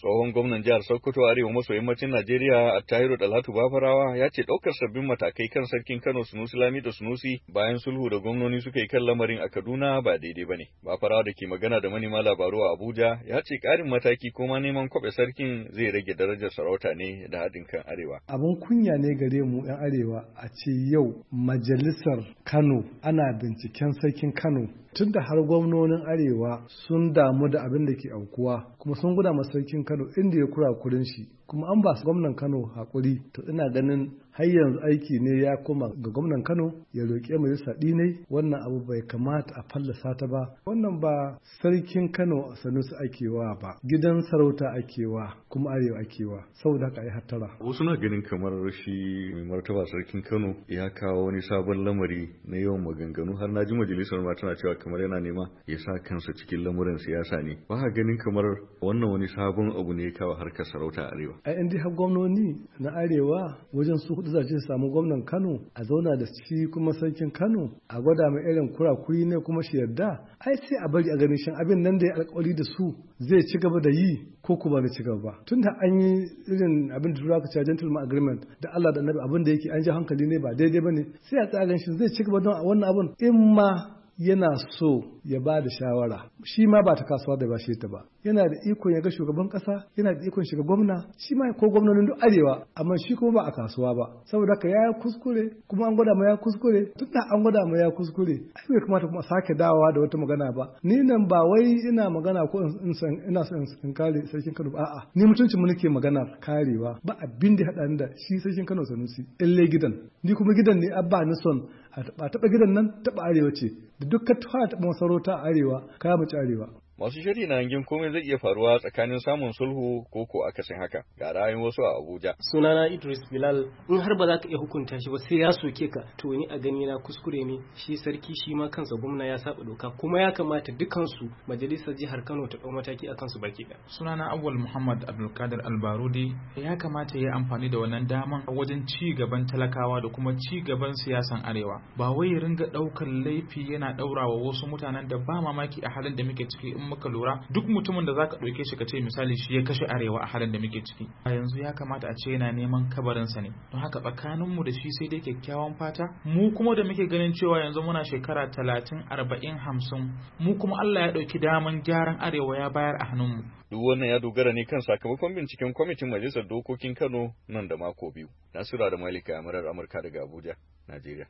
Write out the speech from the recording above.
tsohon gwamnan jihar Sokoto Arewa maso yammacin Najeriya a tahiru Dalatu Bafarawa ya ce ɗaukar sabbin matakai kan sarkin Kano Sunusi Lami da Sunusi bayan sulhu da gwamnoni suka yi kan lamarin a Kaduna ba daidai ba ne. Bafarawa da ke magana da manema labaru a Abuja ya ce ƙarin mataki ko ma neman kwaɓe sarkin zai rage darajar sarauta ne da haɗin kan Arewa. Abun kunya ne gare mu 'yan Arewa a ce yau majalisar Kano ana binciken sarkin Kano tun da har gwamnonin Arewa sun damu da abin da ke aukuwa kuma sun guda ma sarkin Kano inda ya kura kurin shi kuma an ba su gwamnan Kano haƙuri, to ina ganin har yanzu aiki ne ya koma ga gwamnan Kano ya roƙe roƙi majalisa ne wannan abu bai kamata a fallasa ta ba wannan ba sarkin Kano a Sanusi akewa ba gidan sarauta akewa kuma arewa akewa saboda haka ai hattara wasu na ganin kamar shi mai martaba sarkin Kano ya kawo wani sabon lamari na yawan maganganu har na ji majalisar ma tana cewa kamar yana nema ya sa kansa cikin lamuran siyasa ne ba ganin kamar wannan wani sabon abu ne ya kawo harkar sarauta arewa ai in har gwamnoni na arewa wajen su kudu su samu gwamnan kano a zauna da shi kuma sarkin kano a gwada mai irin kurakuri ne kuma shi yarda ai sai a bari a ganin shin abin nan da ya alkawari da su zai ci gaba da yi ko ku ba zai ci gaba ba tunda an yi irin abin da turawa ka gentleman agreement da Allah da annabi abin da yake an ji hankali ne ba daidai bane sai a ganin shin zai ci gaba don wannan abin in ma yana so ya ba da shawara shi ma ba ta kasuwa da shi ta ba yana da ikon ya ga shugaban kasa yana da ikon shiga gwamna shi ma ko gwamnonin duk arewa amma shi kuma ba a kasuwa ba saboda haka ya kuskure kuma an gwada ma ya kuskure tun da an gwada ma ya kuskure ai bai kamata kuma sake dawowa da wata magana ba ni nan ba wai ina magana ko in san ina son in kare sarkin Kano ba a'a ni mutuncin mu nake magana karewa ba abin da hada da shi sarkin Kano Sanusi in gidan ni kuma gidan ne abba ni son a taba gidan nan taba arewa ce da dukkan tuwa taba ta arewa ka mace arewa Masu shiri na hangin komai zai iya faruwa tsakanin samun sulhu ko ko akasin haka. Ga ra'ayin wasu a Abuja. Sunana Idris Bilal in har ba za ka iya hukunta shi ba sai ya soke ka to ni a gani na kuskure ne shi sarki shi ma kansa gwamna ya saba doka kuma ya kamata dukansu majalisar jihar Kano ta ɗau mataki akan su baki ɗaya. Sunana Awwal Muhammad Abdulkadir Albarudi ya kamata ya yi amfani da wannan daman wajen ci gaban talakawa da kuma ci gaban siyasan arewa ba wai ya ringa ɗaukar laifi yana ɗaurawa wasu mutanen da ba mamaki a halin da muke ciki muka lura duk mutumin da zaka ɗauke shi ka ce misali shi ya kashe arewa a halin da muke ciki a yanzu ya kamata a ce yana neman kabarin sa ne don haka tsakanin mu da shi sai dai kyakkyawan fata mu kuma da muke ganin cewa yanzu muna shekara talatin arba'in hamsin mu kuma Allah ya ɗauki daman gyaran arewa ya bayar a hannun mu Duk wannan ya dogara ne kan sakamakon binciken kwamitin majalisar dokokin Kano nan da mako biyu. Nasiru da Malika Amurar Amurka daga Abuja, Najeriya.